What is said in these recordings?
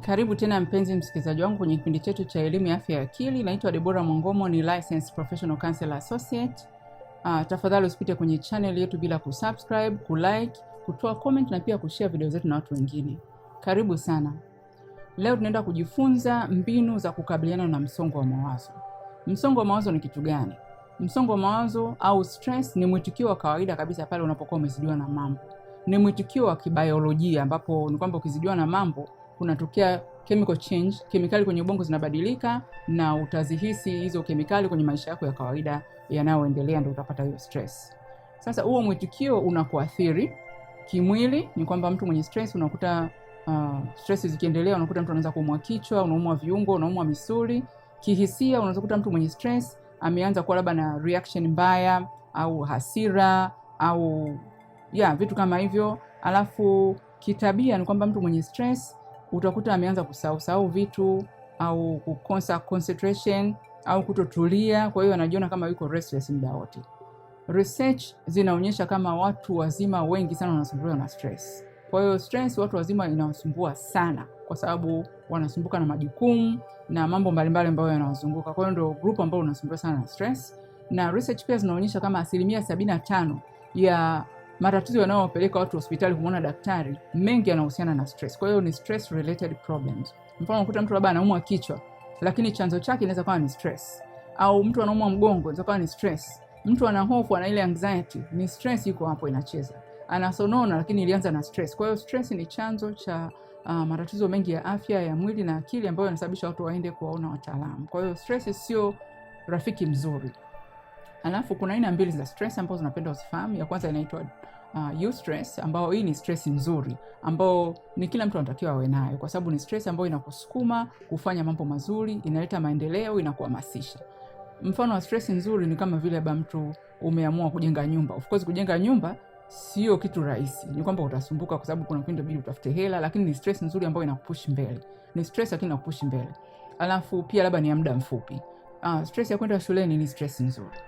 Karibu tena mpenzi msikilizaji wangu kwenye kipindi chetu cha elimu ya afya ya akili. Naitwa Debora Mongomo, ni licensed professional counselor associate. Uh, tafadhali usipite kwenye channel yetu bila kusubscribe, kulike, kutoa comment na pia kushare video zetu na watu wengine. Karibu sana. Leo tunaenda kujifunza mbinu za kukabiliana na msongo wa mawazo. Msongo wa mawazo ni kitu gani? Msongo wa mawazo au stress ni mwitikio wa kawaida kabisa pale unapokuwa umezidiwa na mambo. Ni mwitikio wa kibiolojia ambapo ni kwamba ukizidiwa na mambo kunatokea chemical change, kemikali kwenye ubongo zinabadilika na utazihisi hizo kemikali kwenye maisha yako ya kawaida yanayoendelea, ndio utapata hiyo stress. Sasa huo mwitikio unakuathiri kimwili, ni kwamba mtu mwenye stress unakuta uh, stress zikiendelea, unakuta mtu anaanza kuumwa kichwa, unaumwa viungo, unaumwa misuli. Kihisia unaweza kuta mtu mwenye stress ameanza kuwa labda na reaction mbaya au hasira au ya vitu kama hivyo. Alafu kitabia ni kwamba mtu mwenye stress utakuta ameanza kusahausahau vitu au kukosa concentration au kutotulia, kwa hiyo anajiona kama yuko restless muda wote. Research zinaonyesha kama watu wazima wengi sana wanasumbuliwa na stress. Kwa hiyo stress watu wazima inawasumbua sana, kwa sababu wanasumbuka na majukumu na mambo mbalimbali ambayo yanawazunguka. Kwa hiyo ndio group ambao unasumbuliwa sana na stress, na research pia zinaonyesha kama asilimia sabini na tano ya matatizo yanayowapeleka watu hospitali kumwona daktari mengi yanahusiana na stress. Kwa hiyo ni stress related problems. Mfano, kuta mtu labda anaumwa kichwa, lakini chanzo chake inaweza kawa ni stress, au mtu anaumwa mgongo, inaweza kawa ni stress. Mtu ana hofu, ana ile anxiety, ni stress iko hapo inacheza. Anasonona, lakini ilianza na stress. Kwa hiyo stress ni chanzo cha uh, matatizo mengi ya afya ya mwili na akili ambayo yanasababisha watu waende kuwaona wataalamu. Kwa hiyo stress sio rafiki mzuri. Alafu kuna aina mbili za stress ambazo napenda usifahamu. Ya kwanza inaitwa uh, stress ambao hii ni stress nzuri ambao ni kila mtu anatakiwa awe nayo, kwa sababu ni stress ambayo inakusukuma kufanya mambo mazuri, inaleta maendeleo, inakuhamasisha. Mfano wa stress nzuri ni kama vile ba mtu umeamua kujenga nyumba. Of course kujenga nyumba sio kitu rahisi, ni kwamba utasumbuka, kwa sababu kuna kipindi bidi utafute hela, lakini ni stress nzuri ambayo inakupush mbele. Ni stress lakini inakupush mbele. Alafu pia labda ni ya muda mfupi. Uh, stress ya kwenda shuleni ni stress nzuri.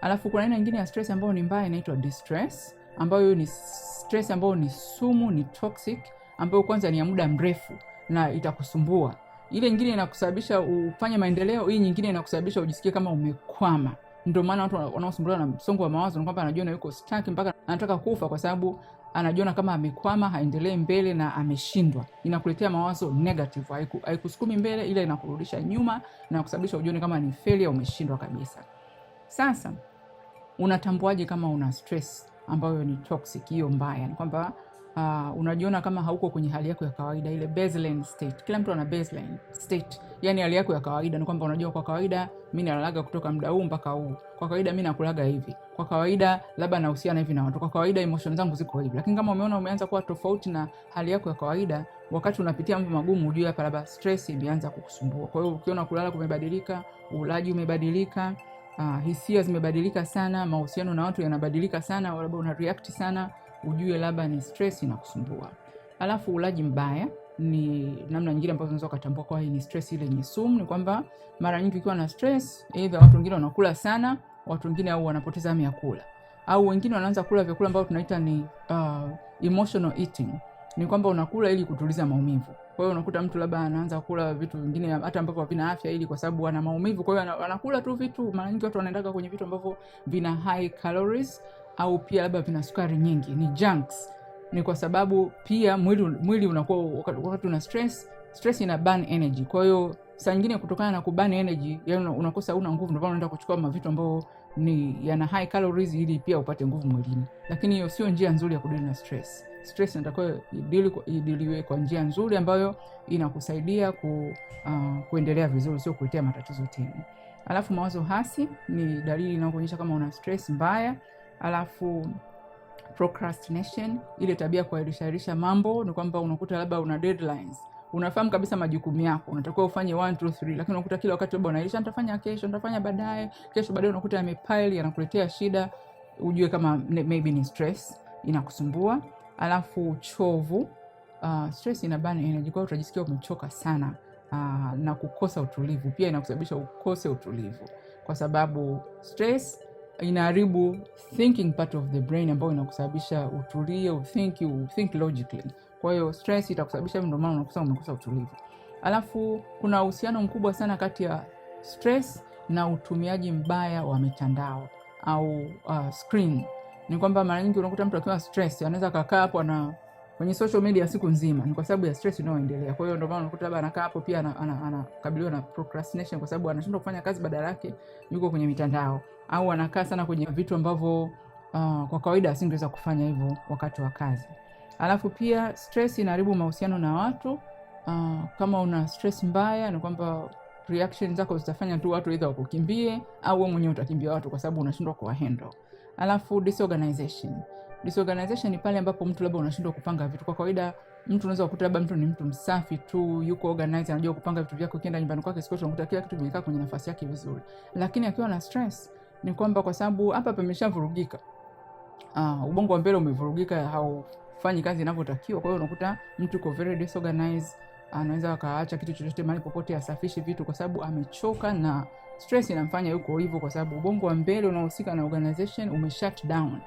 Alafu kuna aina nyingine ya stress ambayo ni mbaya inaitwa distress, ambayo ni stress ambayo ni sumu, ni toxic, ambayo kwanza ni ya muda mrefu na itakusumbua. Ile nyingine inakusababisha ufanye maendeleo, hii nyingine inakusababisha ujisikie kama umekwama. Ndio maana watu wanaosumbuliwa na msongo wa mawazo kwamba anajiona yuko stuck mpaka anataka kufa, kwa sababu anajiona kama amekwama, haendelee mbele na ameshindwa. Inakuletea mawazo negative, haikusukumi mbele, ila inakurudisha nyuma na kusababisha ujione kama ni failure, umeshindwa kabisa. Sasa unatambuaje kama una stress ambayo ni toxic, hiyo mbaya? Ni kwamba uh, unajiona kama hauko kwenye hali yako ya kawaida, ile baseline state. Kila mtu ana baseline state, yani hali yako ya kawaida. Ni kwamba unajua, kwa kawaida mi nalalaga kutoka muda huu mpaka huu, kwa kawaida mi nakulaga hivi, kwa kawaida labda nahusiana hivi na watu, kwa kawaida emotion zangu ziko hivi. Lakini kama umeona umeanza kuwa tofauti na hali yako ya kawaida, wakati unapitia mambo magumu, ujue hapa labda stress imeanza kukusumbua. Kwa hiyo ukiona kulala kumebadilika, ulaji umebadilika uh, hisia zimebadilika sana, mahusiano na watu yanabadilika sana, labda una react sana, ujue labda ni stress inakusumbua. Alafu ulaji mbaya ni namna nyingine ambazo unaweza kutambua kwa hii ni stress ile yenye sumu, ni kwamba mara nyingi ukiwa na stress, aidha watu wengine wanakula sana, watu wengine au wanapoteza hamu ya kula, au wengine wanaanza kula vyakula ambavyo tunaita ni uh, emotional eating ni kwamba unakula ili kutuliza maumivu. Kwa hiyo unakuta mtu labda anaanza kula vitu vingine hata ambavyo havina afya, ili kwa sababu ana maumivu. Kwa hiyo anakula tu vitu, mara nyingi watu wanaendaga kwenye vitu ambavyo vina high calories au pia labda vina sukari nyingi, ni junks. Ni kwa sababu pia mwili, mwili unakuwa wakati una stress, stress ina burn energy. Kwa hiyo saa nyingine kutokana na kuburn energy, yani unakosa una nguvu, ndio maana unaenda kuchukua mavitu ambayo ni yana high calories ili pia upate nguvu mwilini, lakini hiyo sio njia nzuri ya kudili na stress stress inatakiwa idiliwe kwa njia nzuri ambayo inakusaidia ku, uh, kuendelea vizuri, sio kuletea matatizo tena. Alafu mawazo hasi ni dalili inayokuonyesha kama una stress mbaya. Alafu procrastination, ile tabia kuahirisha ahirisha mambo, ni kwamba unakuta labda una deadlines unafahamu kabisa majukumu yako, unatakiwa ufanye 1 2 3, lakini unakuta kila wakati labda unaisha nitafanya kesho, nitafanya baadaye, kesho baadaye, unakuta yamepile, yanakuletea shida. Ujue kama maybe ni stress inakusumbua alafu uchovu uh, stress ina energy, kwa utajisikia umechoka sana uh, na kukosa utulivu. Pia inakusababisha ukose utulivu, kwa sababu stress inaharibu thinking part of the brain ambayo inakusababisha utulie, uthink, uthink logically. Kwa hiyo stress itakusababisha, ndio maana unakosa umekosa utulivu. Alafu kuna uhusiano mkubwa sana kati ya stress na utumiaji mbaya wa mitandao au uh, screen ni kwamba mara nyingi unakuta mtu akiwa stress anaweza kakaa hapo na kwenye social media siku nzima, ni kwa sababu ya stress inayoendelea. Kwa hiyo ndio maana unakuta labda anakaa hapo pia anakabiliwa ana, ana, na procrastination kwa sababu anashindwa kufanya kazi, badala yake yuko kwenye mitandao au anakaa sana kwenye vitu ambavyo uh, kwa kawaida asingeweza kufanya hivyo wakati wa kazi. Alafu pia stress inaharibu mahusiano na watu. Uh, kama una stress mbaya, ni kwamba reaction zako zitafanya tu watu either wakukimbie au wewe mwenyewe utakimbia watu, kwa sababu unashindwa kuwahandle. Alafu disorganization. Disorganization ni pale ambapo mtu labda unashindwa kupanga vitu. Kwa kawaida mtu unaweza kukuta labda mtu ni mtu msafi tu, yuko organized, anajua kupanga vitu vyake, ukienda nyumbani kwake siku unakuta kila kitu kimekaa kwenye nafasi yake vizuri. Lakini akiwa na stress ni kwamba kwa sababu hapa pameshavurugika. Ah, ubongo wa mbele umevurugika, haufanyi kazi inavyotakiwa. Kwa hiyo unakuta mtu yuko very disorganized, anaweza akaacha kitu chochote mahali popote, asafishe vitu kwa sababu amechoka na stress inamfanya yuko hivyo, kwa sababu ubongo wa mbele unaohusika na organization ume shut down.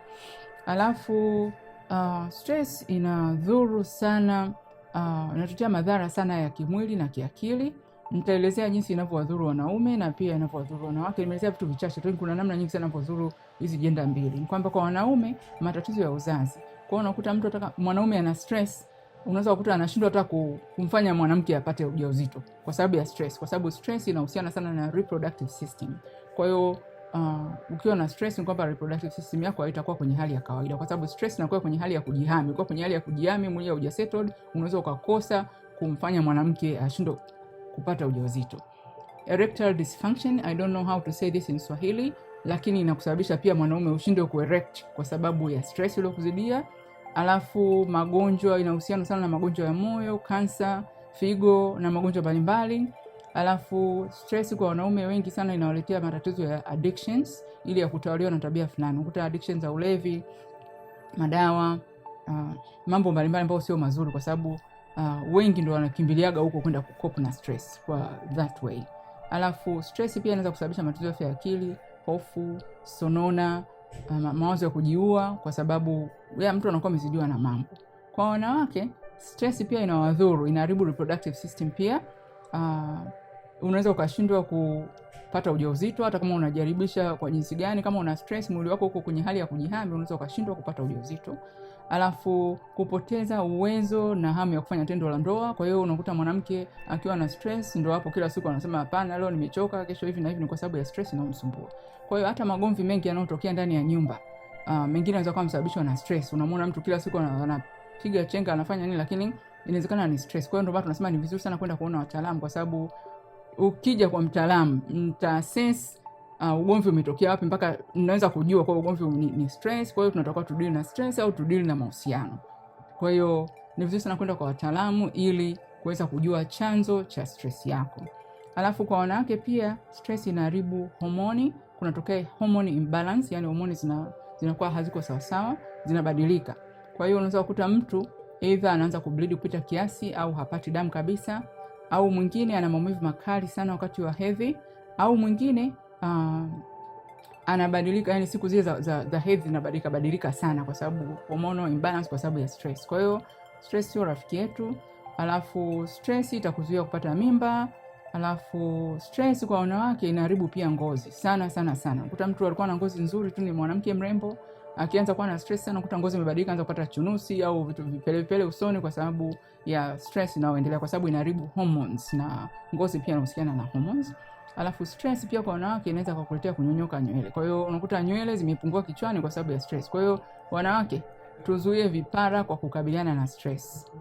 Alafu uh, stress inadhuru sana uh, inatutia madhara sana ya kimwili na kiakili. Nitaelezea jinsi inavyowadhuru wanaume na pia inavyowadhuru wanawake. Nimeelezea vitu vichache tu, kuna namna nyingi sana inavyodhuru hizi jenda mbili. Ni kwamba kwa wanaume matatizo ya uzazi, kwa hiyo unakuta mtu ataka mwanaume ana stress unaweza kukuta anashindwa hata kumfanya mwanamke apate ujauzito kwa sababu ya stress, kwa sababu stress inahusiana sana na reproductive system. Kwa hiyo uh, ukiwa na stress ni kwamba reproductive system yako haitakuwa kwenye hali ya kawaida, kwa sababu stress inakuwa kwenye hali ya kujihami. Kwa kwenye hali ya kujihami, mwili haujasettled, unaweza ukakosa kumfanya mwanamke ashindwe kupata ujauzito. Erectile dysfunction, I don't know how to say this in Swahili, lakini inakusababisha pia mwanaume ushindwe kuerect kwa sababu ya stress iliyokuzidia alafu magonjwa inahusiana sana na magonjwa ya moyo, kansa, figo na magonjwa mbalimbali. Alafu stress kwa wanaume wengi sana inawaletea matatizo ya addictions, ili ya kutawaliwa na tabia fulani, ukuta addictions za ulevi, madawa, uh, mambo mbalimbali ambayo sio mazuri, kwa sababu uh, wengi ndo wanakimbiliaga huko kwenda kucope na stress kwa that way. Alafu stress pia inaweza kusababisha matatizo ya akili, hofu, sonona Eh, ma mawazo ya kujiua, kwa sababu ya mtu anakuwa amezidiwa na mambo. Kwa wanawake stress pia inawadhuru, inaharibu reproductive system pia uh, unaweza ukashindwa kupata ujauzito hata kama unajaribisha kwa jinsi gani. Kama una stress, mwili wako uko kwenye hali ya kujihami, unaweza ukashindwa kupata ujauzito, alafu kupoteza uwezo na hamu ya kufanya tendo la ndoa. Kwa hiyo unakuta mwanamke akiwa na stress, ndo hapo kila siku anasema hapana, leo nimechoka, kesho hivi na hivi, ni kwa sababu ya stress inayomsumbua. Kwa hiyo hata magomvi mengi yanayotokea ndani ya nyumba uh, mengine anaweza kuwa msababishwa na stress. Unamwona mtu kila siku anapiga chenga, anafanya nini, lakini inawezekana ni stress. Kwa hiyo ndio maana tunasema ni vizuri sana kwenda kuona wataalamu kwa sababu ukija kwa mtaalamu sense uh, ugomvi umetokea wapi, mpaka naweza kujua kwa ugomvi ni, ni stress. Kwa hiyo tunatakiwa tudili na stress au tudili na mahusiano. Kwa hiyo ni vizuri sana kwenda kwa wataalamu ili kuweza kujua chanzo cha stress yako. Alafu kwa wanawake pia stress inaharibu homoni, kunatokea homoni imbalance, yani homoni zina zinakuwa haziko sawasawa, zinabadilika. Kwa hiyo unaweza kukuta mtu aidha anaanza kubleed kupita kiasi au hapati damu kabisa au mwingine ana maumivu makali sana wakati wa hedhi, au mwingine uh, anabadilika yani, siku zile za, za, za hedhi zinabadilika badilika sana, kwa sababu hormonal imbalance, kwa sababu ya stress. Kwa hiyo stress sio rafiki yetu. Alafu stress itakuzuia kupata mimba. Alafu stress kwa wanawake inaharibu pia ngozi sana sana sana. Kuta mtu alikuwa na ngozi nzuri tu, ni mwanamke mrembo akianza kuwa na stress sana, kuta ngozi imebadilika, anza kupata chunusi au vitu vipelepele usoni, kwa sababu ya stress inayoendelea, kwa sababu inaharibu hormones na ngozi pia inahusiana na hormones. Alafu stress pia kwa wanawake inaweza kukuletea kunyonyoka nywele. Kwa hiyo unakuta nywele zimepungua kichwani kwa sababu ya stress. Kwa hiyo wanawake, tuzuie vipara kwa kukabiliana na stress.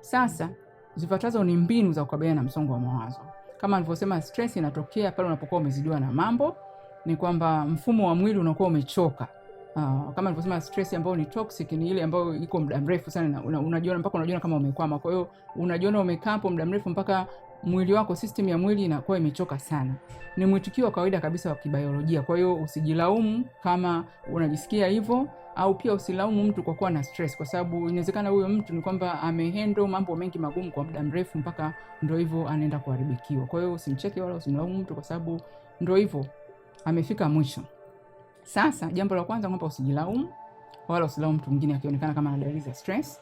Sasa zifuatazo ni mbinu za kukabiliana na msongo wa mawazo. Kama alivyosema, stress inatokea pale unapokuwa umezidiwa na mambo, ni kwamba mfumo wa mwili unakuwa umechoka Uh, kama nilivyosema stress ambayo ni toxic ni ile ambayo iko muda mrefu sana na una, unajiona mpaka unajiona kama umekwama. Kwa hiyo unajiona umekaa hapo muda mrefu mpaka mwili wako, system ya mwili inakuwa imechoka sana. Ni mwitikio wa kawaida kabisa wa kibiolojia. Kwa hiyo usijilaumu kama unajisikia hivyo, au pia usilaumu mtu kwa kuwa na stress, kwa sababu inawezekana huyo mtu ni kwamba amehandle mambo mengi magumu kwa muda mrefu, mpaka ndio hivyo anaenda kuharibikiwa. Kwa hiyo usimcheke wala usilaumu mtu, kwa sababu ndio hivyo amefika mwisho. Sasa jambo la kwanza kwamba usijilaumu wala usilaumu mtu mwingine akionekana kama ana dalili za stress.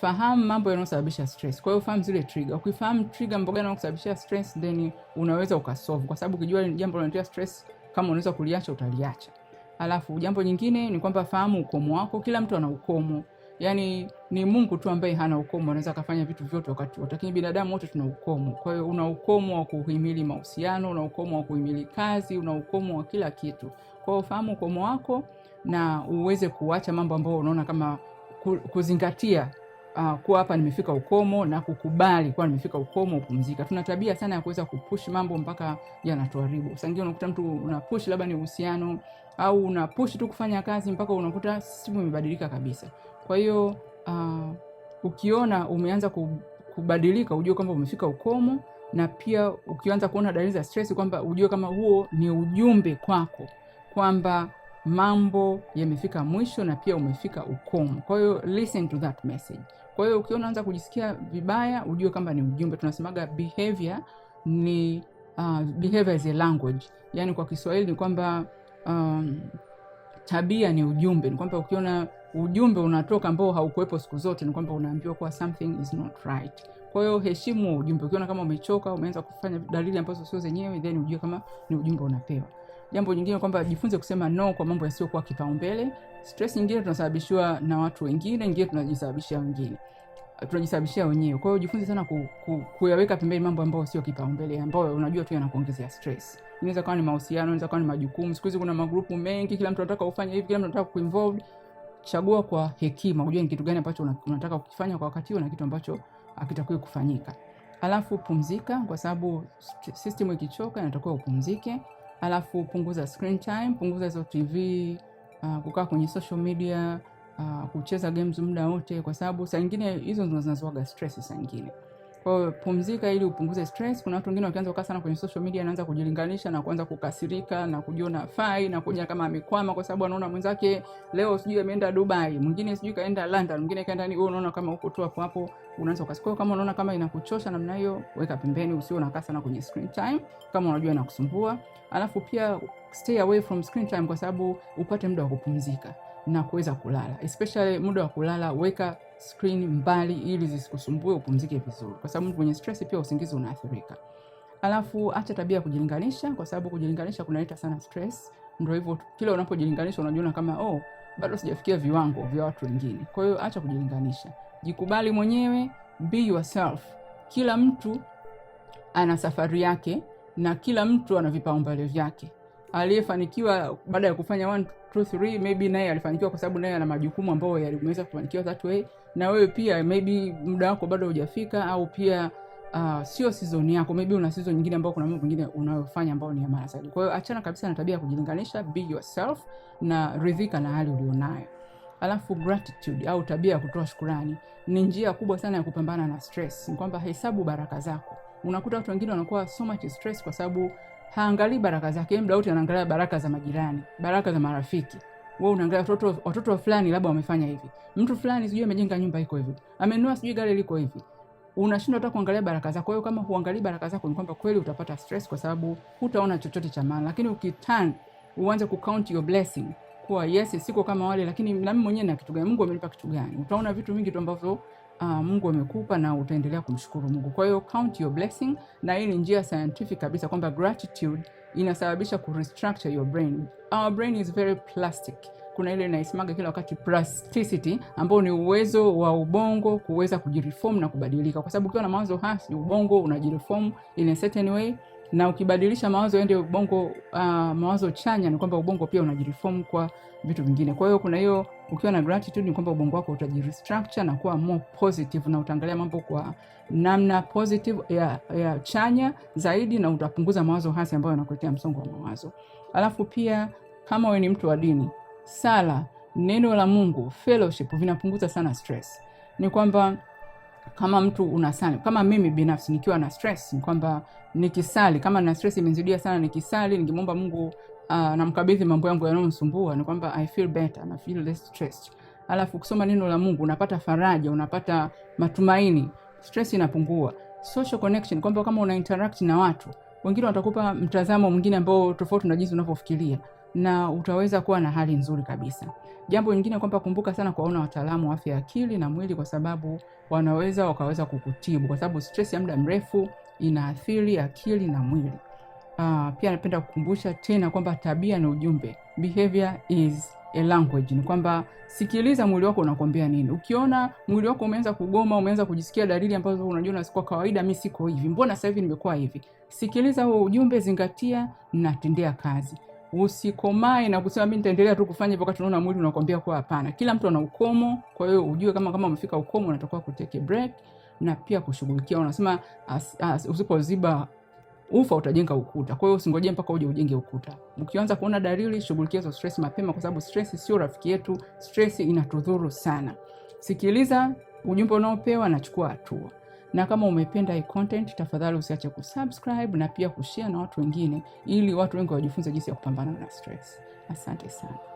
Fahamu mambo yanayosababisha stress. Kwa hiyo fahamu zile trigger. Ukifahamu trigger mboga inayokusababishia stress, then unaweza ukasolve, kwa sababu ukijua jambo linaletea stress kama unaweza kuliacha utaliacha. Alafu jambo nyingine ni kwamba fahamu ukomo wako. Kila mtu ana ukomo yani ni Mungu tu ambaye hana ukomo, anaweza akafanya vitu vyote wakati wote, lakini binadamu wote tuna ukomo. Kwa hiyo una ukomo wa kuhimili mahusiano, una ukomo wa kuhimili kazi, una ukomo wa kila kitu. Kwa hiyo ufahamu ukomo wako na uweze kuacha mambo ambayo unaona kama kuzingatia Uh, kuwa hapa nimefika ukomo na kukubali kuwa nimefika ukomo, upumzika. Tuna tabia sana ya kuweza kupush mambo mpaka yanatuharibu. Sasa ingine unakuta mtu una push labda ni uhusiano au una push tu kufanya kazi mpaka unakuta simu imebadilika kabisa. Kwa hiyo uh, ukiona umeanza kubadilika, ujue kwamba umefika ukomo, na pia ukianza kuona dalili za stress, kwamba ujue kama huo ni ujumbe kwako kwamba mambo yamefika mwisho na pia umefika ukomo. Kwa hiyo listen to that message. Kwa hiyo ukiona anza kujisikia vibaya, ujue kwamba ni ujumbe. Tunasemaga behavior ni uh, behavior is a language, yaani kwa Kiswahili ni kwamba um, tabia ni ujumbe, ni kwamba ukiona ujumbe unatoka ambao haukuwepo siku zote, ni kwamba unaambiwa kuwa something is not right. Kwa hiyo heshimu ujumbe. Ukiona kama umechoka, umeanza kufanya dalili ambazo sio zenyewe, then ujue kama ni ujumbe unapewa. Jambo jingine kwamba jifunze kusema no kwa mambo yasiyokuwa kipaumbele. Stress nyingine tunasababishiwa na watu wengine, nyingine tunajisababishia wengine tunajisababishia wenyewe. Kwa hiyo jifunze sana ku, ku, kuyaweka pembeni mambo ambayo sio kipaumbele, ambayo unajua tu yanakuongezea stress. Inaweza kawa ni mahusiano, inaweza kawa ni majukumu. Siku hizi kuna magrupu mengi, kila mtu anataka ufanye hivi, kila mtu anataka kuinvolve chagua kwa hekima, ujue ni kitu gani ambacho unataka kukifanya kwa wakati huo na kitu ambacho hakitakiwi kufanyika. Alafu pumzika, kwa sababu system ikichoka inatakiwa upumzike. Alafu punguza screen time, punguza hizo TV, uh, ah, kukaa kwenye social media, uh, kucheza games muda wote, kwa sababu saa nyingine hizo ndo zinazoaga stress saa nyingine. Kwa hiyo pumzika, ili upunguze stress. Kuna watu wengine wakianza kukaa sana kwenye social media, anaanza kujilinganisha na kuanza kukasirika na kujiona fai na kujiona kama amekwama, kwa sababu anaona mwenzake leo sijui ameenda Dubai, mwingine sijui kaenda London, mwingine kaenda ni, wewe unaona kama uko tu hapo hapo, unaanza kukasirika. Kama unaona kama inakuchosha namna hiyo, weka pembeni, usio na kasa na kwenye screen time kama unajua inakusumbua. Alafu pia stay away from screen time, kwa sababu upate muda wa kupumzika na kuweza kulala, especially muda wa kulala weka screen mbali ili zisikusumbue upumzike vizuri, kwa sababu kwenye mwenye stress pia usingizi unaathirika. Alafu acha tabia ya kujilinganisha, kwa sababu kujilinganisha kunaleta sana stress. Ndio hivyo, kila unapojilinganisha unajiona kama oh, bado sijafikia viwango vya watu wengine. Kwa hiyo acha kujilinganisha, jikubali mwenyewe, be yourself. Kila mtu ana safari yake na kila mtu ana vipaumbele vyake. Aliyefanikiwa baada ya kufanya one, Truth 3 maybe naye alifanikiwa kwa sababu naye ana majukumu ambayo yalimweza kufanikiwa that way, na wewe pia maybe muda wako bado hujafika, au pia uh, sio season yako, maybe una season nyingine ambayo kuna mambo mengine unayofanya ambayo ni ya maana zaidi. Kwa hiyo achana kabisa na tabia ya kujilinganisha, be yourself na ridhika na hali ulionayo. Alafu gratitude au tabia ya kutoa shukurani ni njia kubwa sana ya kupambana na stress. Ni kwamba hesabu baraka zako. Unakuta watu wengine wanakuwa so much stress kwa sababu haangalii baraka zake mdauti, yaani anaangalia baraka za majirani, baraka za marafiki. Wewe unaangalia watoto watoto fulani labda wamefanya hivi, mtu fulani sijui amejenga nyumba iko hivi, amenunua sijui gari liko hivi, unashindwa hata kuangalia baraka zako. Kwa hiyo kama huangalii baraka zako, ni kwamba kweli utapata stress, kwa sababu hutaona chochote cha maana. Lakini ukitan uanze ku count your blessing kwa yes, siko kama wale, lakini na mimi mwenyewe na kitu gani, Mungu amenipa kitu gani, utaona vitu vingi tu ambavyo uh, Mungu amekupa na utaendelea kumshukuru Mungu. Kwa hiyo count your blessing, na hii ni njia scientific kabisa kwamba gratitude inasababisha ku restructure your brain. Our brain is very plastic. Kuna ile inaisimaga kila wakati plasticity, ambao ni uwezo wa ubongo kuweza kujireform na kubadilika, kwa sababu ukiwa na mawazo hasi, ubongo unajireform in a certain way na ukibadilisha mawazo ende ubongo uh, mawazo chanya ni kwamba ubongo pia unajireform kwa vitu vingine. Kwa hiyo kuna hiyo, ukiwa na gratitude ni kwamba ubongo wako utajirestructure na kuwa more positive, na utaangalia mambo kwa namna positive ya, ya chanya zaidi, na utapunguza mawazo hasi ambayo yanakuletea msongo wa mawazo. Alafu pia kama wewe ni mtu wa dini, sala, neno la Mungu, fellowship vinapunguza sana stress. Ni kwamba kama mtu unasali, kama mimi binafsi nikiwa na stress, ni kwamba nikisali, kama na stress imezidia sana, nikisali nikimwomba Mungu uh, namkabidhi mambo yangu yanayonisumbua, ni kwamba I feel better, na feel less stressed. Alafu kusoma neno la Mungu unapata faraja, unapata matumaini, stress inapungua. Social connection, kwamba kama una interact na watu wengine, watakupa mtazamo mwingine ambao tofauti na jinsi unavyofikiria na utaweza kuwa na hali nzuri kabisa. Jambo lingine kwamba kumbuka sana kuwaona wataalamu wa afya ya akili na mwili, kwa sababu wanaweza wakaweza kukutibu, kwa sababu stress ya muda mrefu inaathiri akili na mwili. Uh, pia napenda kukumbusha tena kwamba tabia na ujumbe, behavior is a language, ni kwamba sikiliza mwili wako unakwambia nini. Ukiona mwili wako umeanza kugoma, umeanza kujisikia dalili ambazo unajua na kawaida, mimi siko hivi, mbona sasa hivi nimekuwa hivi, sikiliza huo ujumbe, zingatia na tendea kazi usikomae na kusema mimi nitaendelea tu kufanya hivyo, wakati unaona mwili unakwambia kuwa hapana. Kila mtu ana ukomo, kwa hiyo ujue kama kama umefika ukomo, unatakiwa kuteke break na pia kushughulikia. Unasema usipoziba ufa utajenga ukuta, kwa hiyo usingojee mpaka uje ujenge ukuta. Ukianza kuona dalili, shughulikia hizo stress mapema, kwa sababu stress sio rafiki yetu, stress inatudhuru sana. Sikiliza ujumbe unaopewa na chukua hatua na kama umependa hii content, tafadhali usiache kusubscribe na pia kushare na watu wengine, ili watu wengi wajifunze jinsi ya kupambana na stress. Asante sana.